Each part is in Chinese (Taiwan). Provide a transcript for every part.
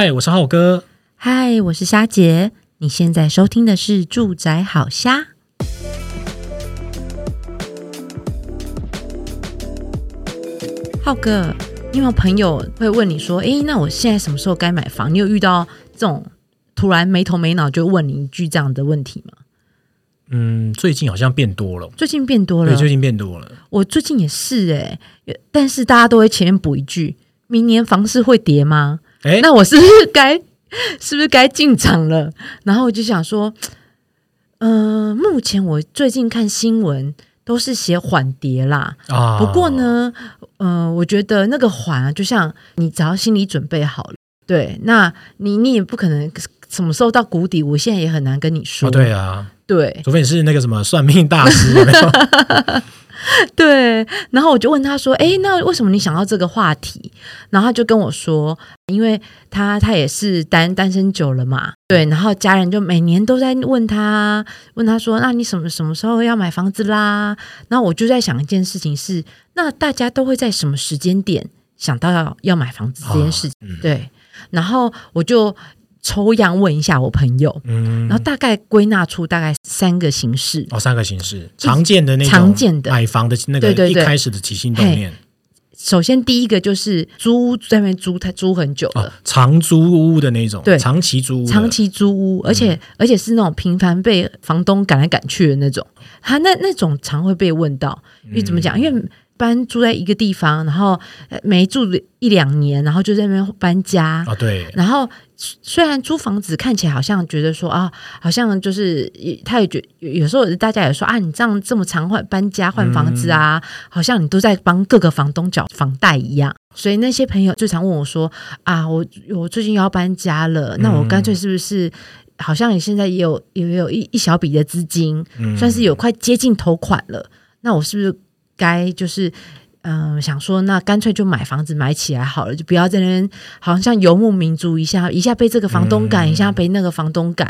嗨，Hi，我是浩哥。嗨，我是蝦姐。你現在收聽的是《住宅好蝦》。浩哥，你有、沒有朋友會問你說：“哎，那我現在什麼時候該買房？”你有遇到這種突然沒頭沒腦就問你一句這樣的問題嗎？嗯，最近好像變多了。最近變多了。對，最近變多了。我最近也是哎、欸，但是大家都會前面補一句：“明年房市會跌嗎？”哎，欸、那我是不是該是不是該進場了？然後我就想說，嗯、呃，目前我最近看新聞都是寫緩跌啦，啊，哦、不過呢，嗯、呃，我覺得那個緩啊，就像你只要心理準備好了，對，那你你也不可能什麼時候到谷底，我現在也很難跟你說，哦、對啊，對，除非你是那個什麼算命大師。 對，然後我就問他說：“哎，那為什麼你想到這個話題？”然後他就跟我說：“因為他他也是單單身久了嘛，對。然後家人就每年都在問他，問他說：‘那你什麼什麼時候要買房子啦？’”然後我就在想一件事情是：那大家都會在什麼時間點想到要要買房子這件事情？啊嗯、對，然後我就。抽樣問一下我朋友，嗯，然後大概歸納出大概三個形式哦，三個形式常見的，那常見的買房的那個的，對對對，一開始的起心動念。首先，第一個就是租屋，在外面租，他租很久了，長、哦、租屋的那種，對，長期租屋，長期租屋，而且、嗯、而且是那種頻繁被房東趕來趕去的那種，他那那種常會被問到，因為怎麼講？嗯、因為搬，住在一個地方，然後沒住一兩年，然後就在那邊搬家啊、哦，對，然後。雖然租房子看起來好像覺得說啊，好像就是他也覺有時候大家也說啊，你這樣這麼常換搬家換房子啊，嗯、好像你都在幫各個房東繳房貸一樣。所以那些朋友就常問我說啊，我我最近要搬家了，嗯、那我乾脆是不是好像你現在也有也有一一小筆的資金，算是有快接近頭款了，那我是不是該就是？嗯，想說那乾脆就買房子買起來好了，就不要在那邊好像游牧民族一下一下被這個房東趕，嗯、一下被那個房東趕。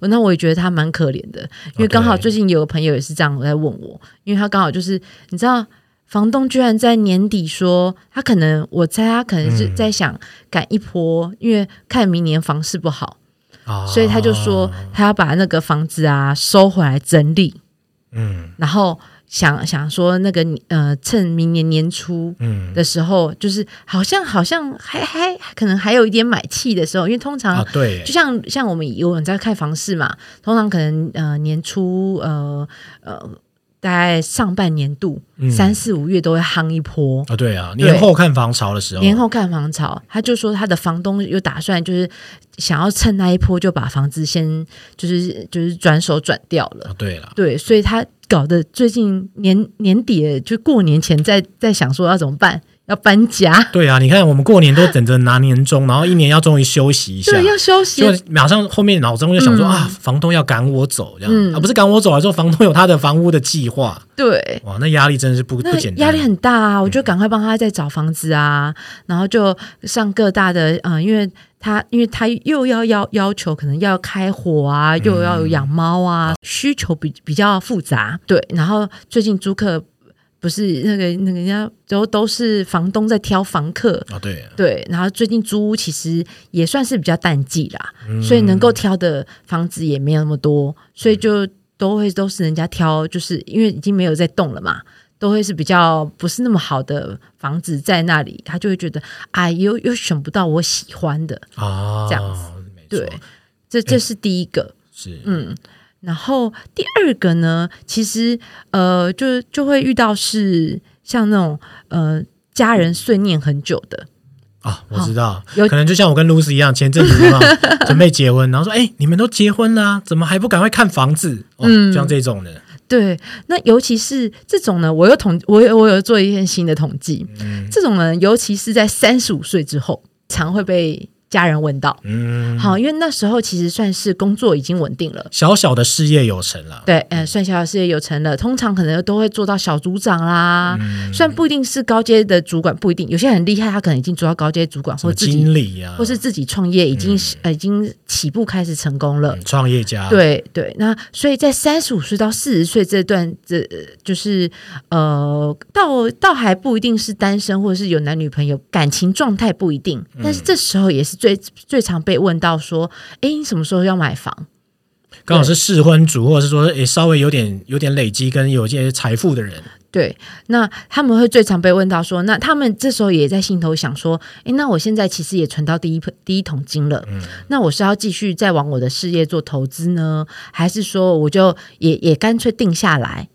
那我也覺得他蠻可憐的，因為剛好最近有個朋友也是這樣我在問我，Okay. 因為他剛好就是你知道，房東居然在年底說他可能，我猜他可能是在想趕一波，嗯、因為看明年房市不好，哦、所以他就說他要把那個房子啊收回來整理。嗯，然後。想想說那個呃，趁明年年初的時候，嗯、就是好像好像還還可能還有一點買氣的時候，因為通常、啊、對，就像像我們有人在看房市嘛，通常可能呃年初呃呃大概上半年度、嗯、三四五月都會夯一波啊，對啊，年後看房潮的時候，年後看房潮，他就說他的房東又打算，就是想要趁那一波就把房子先就是、就是、就是轉手轉掉了，啊、對了、啊，對，所以他。搞得最近年年底就過年前在，在在想說要怎麼辦。要搬家？對啊，你看我們過年都等着拿年終， 然後一年要終於休息一下，對，要休息。就馬上後面腦中就想說、嗯、啊，房東要趕我走這樣、嗯、啊，不是趕我走啊，而是房東有他的房屋的計劃。對，哇，那壓力真的是不不簡單，壓力很大啊！嗯、我就趕快幫他再找房子啊，然後就上各大的，嗯、呃，因為他因為他又要要要求，可能要開火啊，又要養貓啊，嗯、需求比比較複雜。對，然後最近租客。不是那個那個，人家都都是房東在挑房客，啊、對、啊、對，然後最近租屋其實也算是比較淡季啦，嗯、所以能夠挑的房子也沒有那麼多，所以就都會都是人家挑，就是，嗯、就是因為已經沒有在動了嘛，都會是比較不是那麼好的房子在那裡，他就會覺得啊，又又選不到我喜歡的，哦、這樣子，沒錯、對，這這是第一個、欸、是嗯。然後第二個呢，其實呃，就就會遇到是像那種呃家人碎念很久的啊，我知道，哦、有可能就像我跟露絲一樣，前陣子有有 準備結婚，然後說哎、欸，你們都結婚了、啊，怎麼還不趕快看房子？哦、嗯，像這種的，對，那尤其是這種呢，我又統我有我有做一些新的統計，嗯、這種人尤其是在三十五歲之後，常會被。家人問到，嗯，好，因為那時候其實算是工作已經穩定了，小小的事業有成了，對，哎、呃，算小小事業有成了。通常可能都會做到小組長啦、啊，嗯、雖然不一定是高階的主管，不一定有些很厲害，他可能已經做到高階主管，或者經理啊，或是自己創、啊、業，已經、嗯、呃，已經起步開始成功了，創、嗯、業家。對對，那所以在三十五歲到四十歲這段，這就是呃，到到還不一定是單身，或者是有男女朋友，感情狀態不一定，但是這時候也是。最最常被問到說：“哎，你什麼時候要買房？”剛好是適婚族，或者是說，也稍微有點有點累積跟有些財富的人。對，那他們會最常被問到說：“那他們這時候也在心頭想說，哎，那我現在其實也存到第一第一桶金了。嗯，那我是要繼續再往我的事業做投資呢，還是說我就也也乾脆定下來？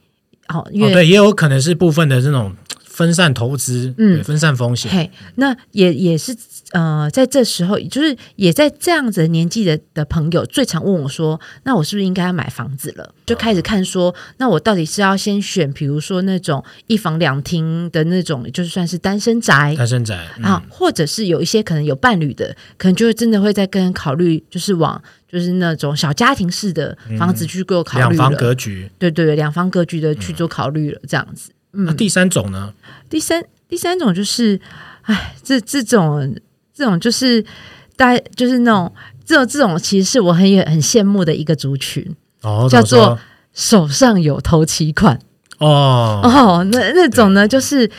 哦，因為，哦對，也有可能是部分的這種分散投資，嗯，分散風險。嘿，那也也是。呃，在這時候，也就是也在這樣子的年紀的的朋友，最常問我說：“那我是不是應該要買房子了？”就開始看說：“那我到底是要先選，比如說那種一房兩廳的那種，就算是單身宅，單身宅、嗯、啊，或者是有一些可能有伴侶的，可能就真的會在跟人考慮，就是往就是那種小家庭式的房子去做考慮、嗯、兩房格局，對對，兩房格局的去做考慮了。嗯、這樣子，那、嗯啊、第三種呢？第三第三種就是，哎，這這種。這種就是，大就是那種這種這種其實是我很也很羨慕的一個族群哦，叫做手上有頭期款哦，哦那那種呢對就是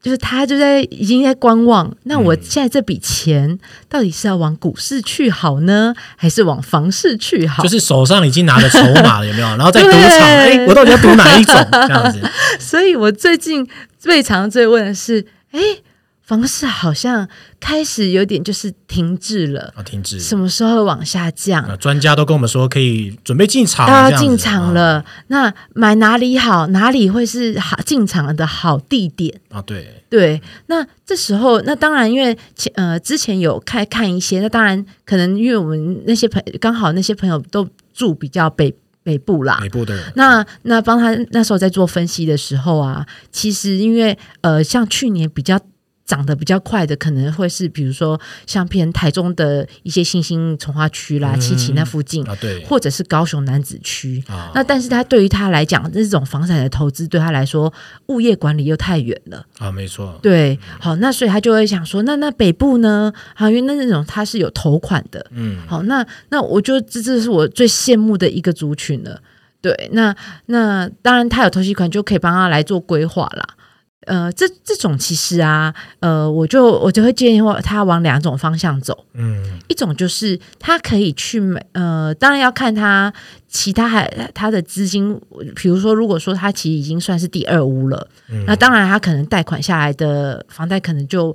就是他就在已經在觀望，那我現在這筆錢、嗯、到底是要往股市去好呢，還是往房市去好？就是手上已經拿着籌碼了， 有沒有？然後在賭場對、欸，我到底要賭哪一種 這樣子？所以我最近最常追問的是，哎、欸。房市好像開始有點就是停滯了、啊、停滯什麼時候往下降？啊、專家都跟我們說可以準備進場，要進場了好好、啊。那買哪裡好？哪裡會是好進場的好地點啊？對對，那這時候，那當然因為前呃，之前有看看一些，那當然可能因為我們那些朋剛好那些朋友都住比較北北部啦，北部的人那那幫他那時候在做分析的時候啊，其實因為呃，像去年比較。長得比較快的，可能會是比如說像偏台中的一些新興重劃區啦、嗯、七期那附近啊，對，或者是高雄楠梓區、啊、那但是他對於他來講，這、嗯、種房產的投資對他來說，物業管理又太遠了啊，沒錯。對，嗯、好，那所以他就會想說，那那北部呢？啊，因為那那種他是有頭款的，嗯，好，那那我就這這是我最羨慕的一個族群了。對，那那當然他有頭期款就可以幫他來做規劃啦。呃，這這種其實啊，呃，我就我就會建議他往兩種方向走。嗯，一種就是他可以去，呃，當然要看他其他還他的資金，比如說，如果說他其實已經算是第二屋了，嗯、那當然他可能貸款下來的房貸可能就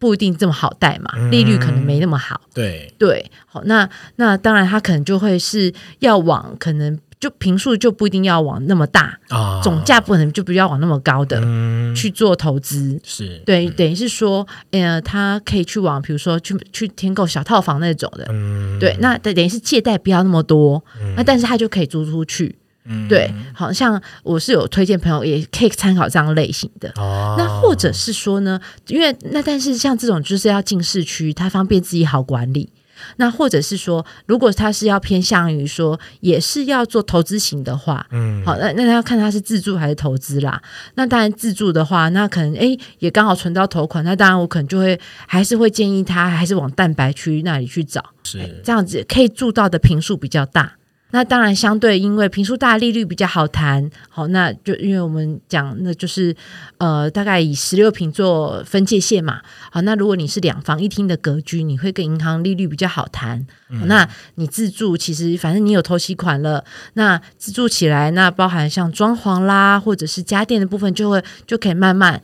不一定這麼好貸嘛，利率可能沒那麼好。對、嗯、對，好，那那當然他可能就會是要往可能。就平數就不一定要往那麼大、哦、總價不可能就不要往那麼高的、嗯、去做投資是對，嗯、等於是說，呃，他可以去往，比如說去去添購小套房那種的，嗯、對，那等等於是借貸不要那麼多，那、嗯啊、但是他就可以租出去，嗯、對，好像我是有推薦朋友也可以參考這樣類型的，嗯、那或者是說呢，因為那但是像這種就是要進市區，它方便自己好管理。那或者是說，如果他是要偏向於說，也是要做投資型的話，嗯，好，那那要看他是自住還是投資啦。那當然自住的話，那可能哎、欸，也剛好存到頭款。那當然我可能就會還是會建議他還是往蛋白區那裡去找，是、欸、這樣子可以住到的坪數比較大。那當然，相對因為坪數大利率比較好談，好，那就因為我們講，那就是呃，大概以十六坪做分界線嘛。好，那如果你是兩房一廳的格局，你會跟銀行利率比較好談。那你自住，其實反正你有頭期款了，那自住起來，那包含像裝潢啦，或者是家電的部分，就會就可以慢慢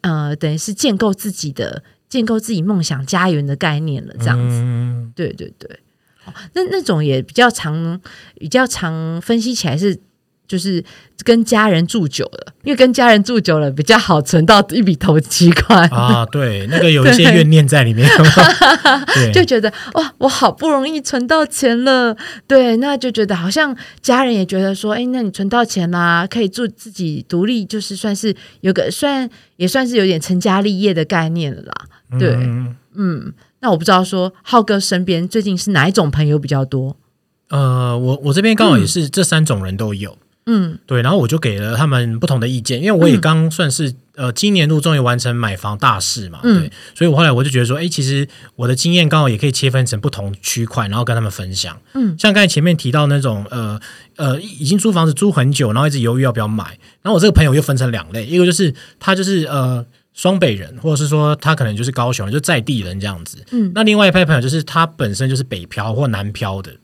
呃，等於是建構自己的建構自己夢想家園的概念了，這樣子。嗯、對對對。哦、那那種也比較常，比較常分析起來是就是跟家人住久了，因為跟家人住久了比較好存到一筆頭期款啊。對，那個有一些怨念在裡面，就覺得哇，我好不容易存到錢了，對，那就覺得好像家人也覺得說，哎、欸，那你存到錢啦，可以住自己獨立，就是算是有個算也算是有點成家立業的概念了啦。對，嗯。嗯那我不知道說浩哥身邊最近是哪一種朋友比較多？呃，我我這邊剛好也是這三種人都有，嗯，對，然後我就給了他們不同的意見，因為我也剛算是，嗯，呃今年度終於完成買房大事嘛，對，嗯，所以，我後來我就覺得說，哎，欸，其實我的經驗剛好也可以切分成不同區塊，然後跟他們分享，嗯，像剛才前面提到那種，呃呃，已經租房子租很久，然後一直猶豫要不要買，然後我這個朋友又分成兩類，一個就是他就是呃。雙北人，或者是說他可能就是高雄，就在地人這樣子。嗯，那另外一派朋友就是他本身就是北漂或南漂的，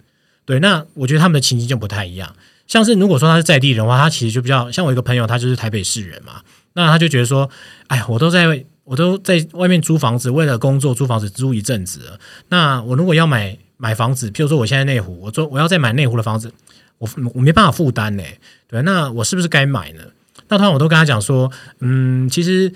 對。那我覺得他們的情境就不太一樣。像是如果說他是在地人的話，他其實就比較像我一個朋友，他就是台北市人嘛。那他就覺得說，哎，我都在我都在外面租房子，為了工作租房子租一陣子了。那我如果要買買房子，譬如說我現在內湖，我說我要再買內湖的房子，我我沒辦法負擔呢。對，那我是不是該買呢？那他我都跟他講說，嗯，其實。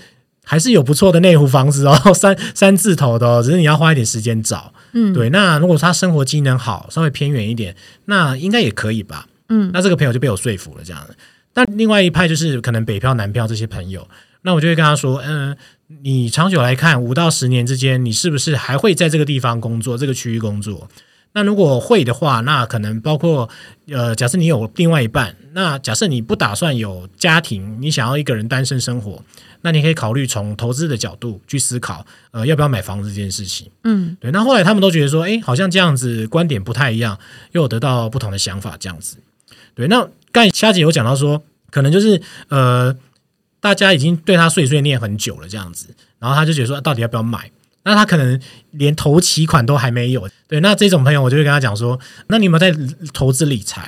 還是有不錯的內湖房子哦，三三字頭的哦，只是你要花一點時間找。嗯，對。那如果說他生活機能好，稍微偏遠一點，那應該也可以吧。嗯，那這個朋友就被我說服了，這樣子。那另外一派就是可能北漂、南漂這些朋友，那我就會跟他說，嗯、呃，你長久來看，五到十年之間，你是不是還會在這個地方工作，這個區域工作？那如果會的話，那可能包括呃，假設你有另外一半，那假設你不打算有家庭，你想要一個人單身生活，那你可以考慮從投資的角度去思考，呃，要不要買房子這件事情。嗯，對。那後，後來他們都覺得說，哎、欸，好像這樣子觀點不太一樣，又有得到不同的想法這樣子。對，那剛夏姐有講到說，可能就是呃，大家已經對他碎碎念很久了這樣子，然後他就覺得說，到底要不要買？那他可能連頭期款都還沒有，對，那這種朋友我就會跟他講說，那你有沒有在投資理財？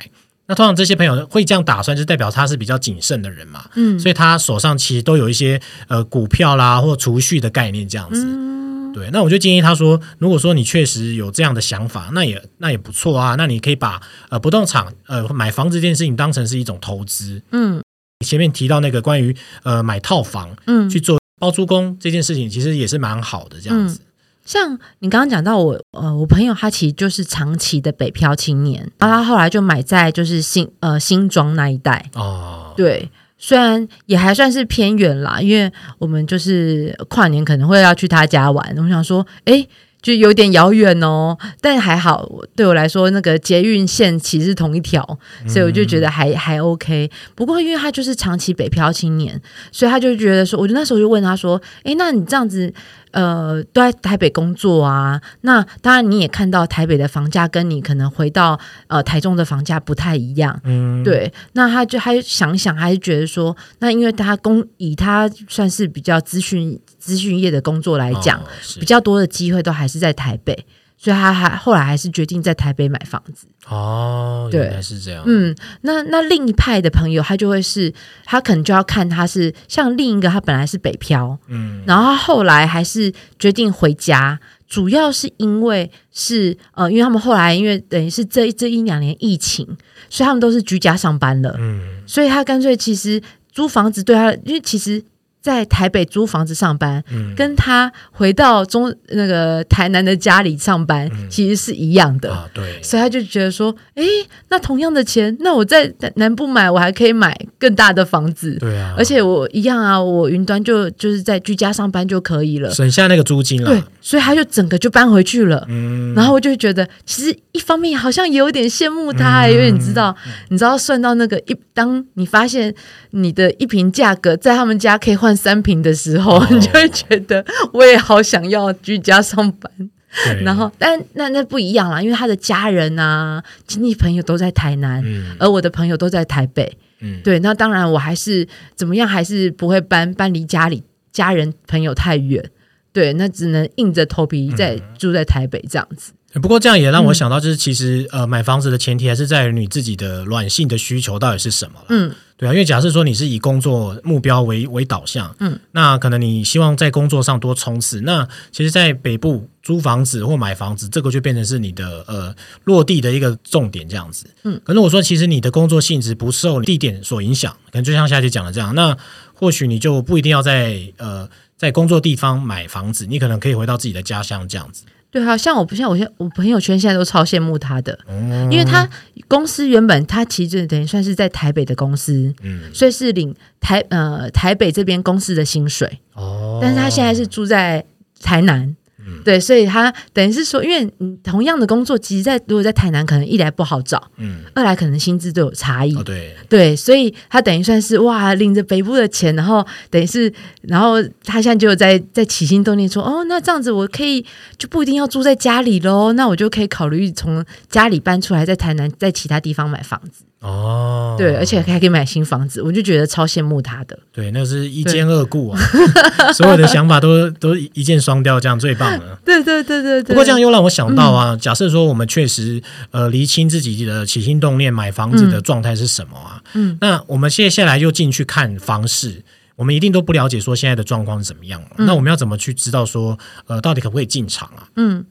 那通常這些朋友會這樣打算，就代表他是比較謹慎的人嘛，嗯，所以他手上其實都有一些呃股票啦或儲蓄的概念這樣子，嗯、對。那我就建議他說，如果說你確實有這樣的想法，那也那也不錯啊，那你可以把呃不動產呃買房子這件事情當成是一種投資，嗯，前面提到那個關於呃買套房，嗯，去做。哦，包租公這件事情其實也是蠻好的，這樣子，嗯。像你剛剛講到我，呃，我朋友他其實就是長期的北漂青年，然後他後來就買在就是新呃新莊那一帶哦。對，雖然也還算是偏遠啦，因為我們就是跨年可能會要去他家玩，我想說，哎。就有點遙遠哦，但還好對我來說，那個捷運線其實是同一條，嗯、所以我就覺得還還 OK。不過因為他就是長期北漂青年，所以他就覺得說，我就那時候就問他說：“哎、欸，那你這樣子？”呃，都在台北工作啊。那當然，你也看到台北的房價跟你可能回到呃台中的房價不太一樣。嗯，對。那他就還想想，還是覺得說，那因為他工以他算是比較資訊資訊業的工作來講，哦、比較多的機會都還是在台北。所以他還後來還是決定在台北買房子哦，對是這樣。嗯，那那另一派的朋友，他就會是他可能就要看他是像另一個，他本來是北漂，嗯，然後他後來還是決定回家，主要是因為是呃，因為他們後來因為等於是這一這一兩年疫情，所以他們都是居家上班了，嗯，所以他乾脆其實租房子對他，因為其實，在台北租房子上班，嗯、跟他回到中那個台南的家裡上班、嗯、其實是一樣的，哦、對，所以他就覺得說，哎，那同樣的錢，那我在南部買，我還可以買更大的房子，對啊，而且我一樣啊，我雲端就就是在居家上班就可以了，省下那個租金了，對，所以他就整個就搬回去了，嗯，然後我就覺得，其實一方面好像也有點羨慕他，也有點知道，你知道，嗯、知道算到那個一，當你發現你的一坪價格在他們家可以換。三平的時候，你、oh. 就會覺得我也好想要居家上班。對然後，但那那不一樣啦，因為他的家人啊、親戚朋友都在台南，嗯、而我的朋友都在台北，嗯、對，那當然我還是怎麼樣，還是不會搬搬離家裡、家人朋友太遠，對，那只能硬着頭皮在住在台北這樣子。嗯不過這樣也讓我想到，就是其實呃，買房子的前提還是在於你自己的軟性的需求到底是什麼，嗯，對啊，因為假設說你是以工作目標為為導向，嗯，那可能你希望在工作上多衝刺。那其實，在北部租房子或買房子，這個就變成是你的呃落地的一個重點，這樣子。嗯，可是我說，其實你的工作性質不受地點所影響，可能就像現在講的這樣，那或許你就不一定要在呃在工作地方買房子，你可能可以回到自己的家鄉這樣子。對，好像我不像我現我朋友圈現在都超羨慕他的，嗯，因為他公司原本他其實等於算是在台北的公司，嗯，所以是領台呃台北這邊公司的薪水，哦，但是他現在是住在台南。對，所以他等於是說，因為你同樣的工作，其實在如果在台南，可能一來不好找，嗯，二來可能薪資都有差異，哦、對，對，所以他等於算是哇，領着北部的錢，然後等於是，然後他現在就在在起心動念說，哦，那這樣子我可以就不一定要住在家裡嘍，那我就可以考慮從家裡搬出來，在台南在其他地方買房子。哦，對，而且還可以買新房子，我就覺得超羨慕他的。對，那是一兼二顧啊，對 所有的想法都都一箭雙雕，這樣最棒了。對對對對對，不過這樣又讓我想到啊，嗯、假設說我們確實呃釐清自己的起心動念，買房子的狀態是什麼啊。嗯，那我們接下來又進去看房市，我們一定都不了解說現在的狀況是怎麼樣了。嗯、那我們要怎麼去知道說呃到底可不可以進場啊？嗯，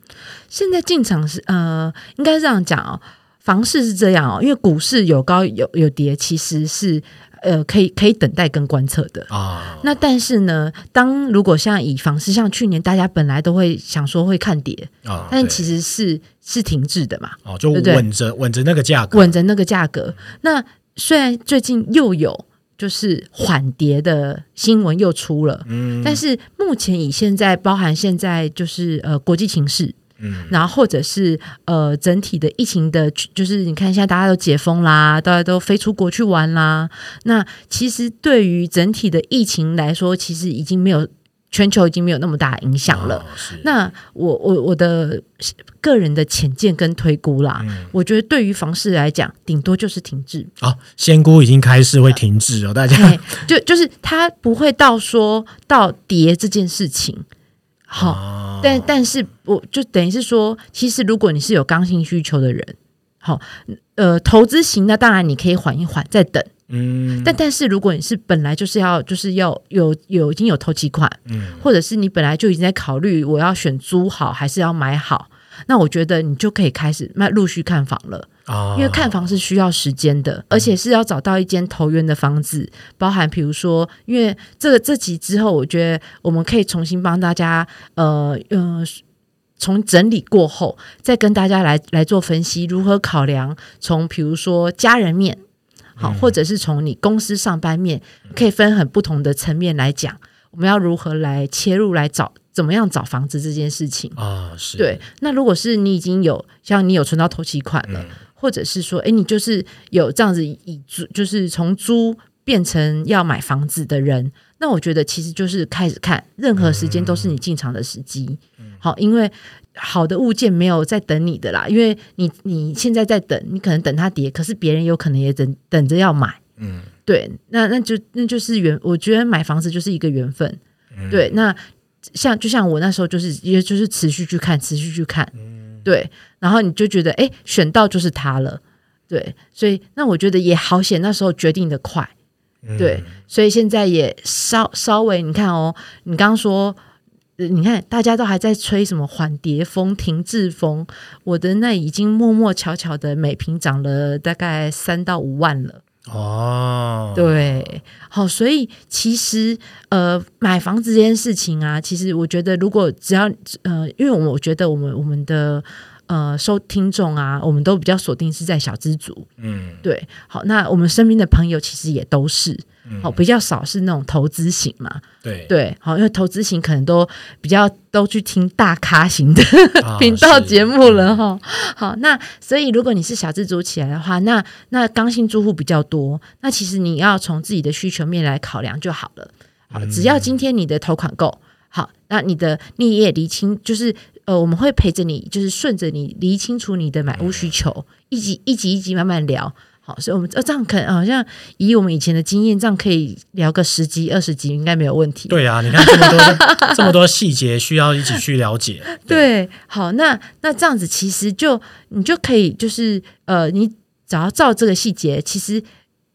現在進場是呃應該是這樣講啊、哦。房市是這樣哦，因為股市有高有有跌，其實是呃可以可以等待跟觀測的啊。哦、那但是呢，當如果像以房市，像去年大家本來都會想說會看跌啊，哦、但其實是對是停滯的嘛。哦、就穩着穩着那個價格，穩着那個價格。那雖然最近又有就是緩跌的新聞又出了，嗯，但是目前以現在包含現在就是呃國際情勢。嗯、然後，或者是呃，整體的疫情的，就是你看現在大家都解封啦，大家都飛出國去玩啦。那其實對於整體的疫情來說，其實已經沒有全球已經沒有那麼大影響了。哦、那我我我的個人的淺見跟推估啦，嗯、我覺得對於房市來講，頂多就是停滯。哦，仙姑已經開始會停滯哦，呃、大家就就是它不會到說到跌這件事情。好，但但是我就等於是說，其實如果你是有剛性需求的人，好，呃，投資型的當然你可以緩一緩再等，嗯，但但是如果你是本來就是要就是要有有,有已經有頭期款，嗯，或者是你本來就已經在考慮我要選租好還是要買好，那我覺得你就可以開始賣，陸續看房了。因為看房是需要時間的，哦、而且是要找到一間投緣的房子，嗯、包含比如說，因為這個這集之後，我覺得我們可以重新幫大家，呃呃，從整理過後，再跟大家來來做分析，如何考量從比如說家人面，嗯、好，或者是從你公司上班面，可以分很不同的層面來講，嗯、我們要如何來切入來找怎麼樣找房子這件事情啊、哦。是，對。那如果是你已經有像你有存到頭期款了。嗯或者是說，哎、欸，你就是有這樣子以租，就是從租變成要買房子的人，那我覺得其實就是開始看，任何時間都是你進場的時機。好，因為好的物件沒有在等你的啦，因為你你現在在等，你可能等它跌，可是別人有可能也等等着要買。嗯，對，那那就那就是緣，我覺得買房子就是一個緣分。對，那像就像我那時候就是也就是持續去看，持續去看。對，然後你就覺得哎，選到就是他了，對，所以那我覺得也好險，那時候決定的快，對，嗯、所以現在也稍稍微，你看哦，你剛，剛說、呃，你看大家都還在吹什麼緩跌風、停滯風，我的那已經默默悄悄的每坪漲了大概三到五萬了。哦，對，好，所以其實呃，買房子這件事情啊，其實我覺得，如果只要呃，因為我我覺得我們我們的。呃，收聽眾啊，我們都比較鎖定是在小資族，嗯，對，好，那我們身邊的朋友其實也都是，好、嗯，比較少是那種投資型嘛，對，對，好，因為投資型可能都比較都去聽大咖型的頻、嗯、 道節目了哈，啊嗯、好，那所以如果你是小資族起來的話，那那剛性住戶比較多，那其實你要從自己的需求面來考量就好了，好、嗯，只要今天你的頭款夠，好，那你的逆業釐清就是。呃，我們會陪着你，就是順着你，理清楚你的買屋需求，嗯、一集一集一集慢慢聊。好，所以我們這樣看好像以我們以前的經驗，這樣可以聊個十集二十集應該沒有問題。對啊，你看這麼多 這麼多細節需要一起去了解。對，對好，那那這樣子其實就你就可以就是呃，你只要照這個細節，其實。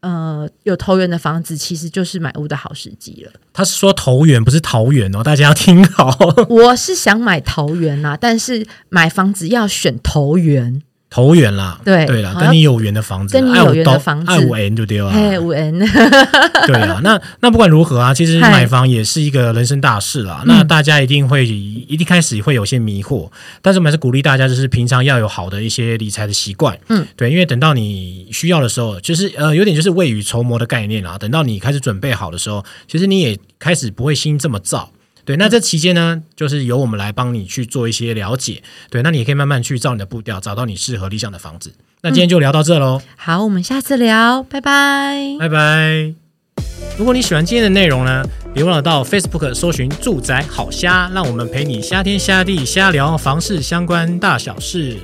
呃，有投緣的房子，其實就是買屋的好時機了。他是說投緣，不是桃園哦，大家要聽好。 我是想買桃園啊，但是買房子要選投緣。投緣啦，對對啦，啊、你啦，跟你有緣的房子，跟你有，有緣的房子，愛有緣，對不對啊？哎，有緣，對啊。那那不管如何啊，其實買房也是一個人生大事啦。嘿那大家一定會一定開始會有些迷惑，嗯、但是我們還是鼓勵大家，就是平常要有好的一些理財的習慣。嗯，對，因為等到你需要的時候，就是呃有點就是未雨綢繆的概念啦、啊。等到你開始準備好的時候，其實你也開始不會心這麼躁。對，那這期間呢，就是由我們來幫你去做一些了解。對，那你也可以慢慢去照你的步調，找到你適合理想的房子。那今天就聊到這嘍。嗯。好，我們下次聊，拜拜，拜拜。如果你喜歡今天的內容呢，別忘了到 Facebook 搜尋“住宅好瞎”，讓我們陪你瞎天瞎地瞎聊房事相關大小事。